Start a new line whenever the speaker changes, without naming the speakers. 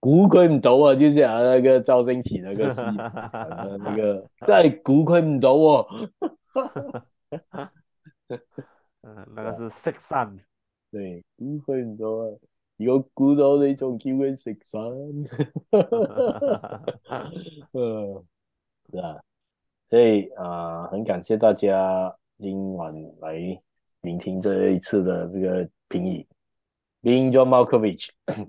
估佢唔到啊！就唔知、 那個、啊？個周星馳那個戲，那個真係估佢唔到。嗯，那個是食神，對，估佢唔到啊！如果估到你仲叫佢食神。嗯， 是啊，所以啊、呃，很感謝大家今晚來聆聽這一次的這個評議。Being John Malkovich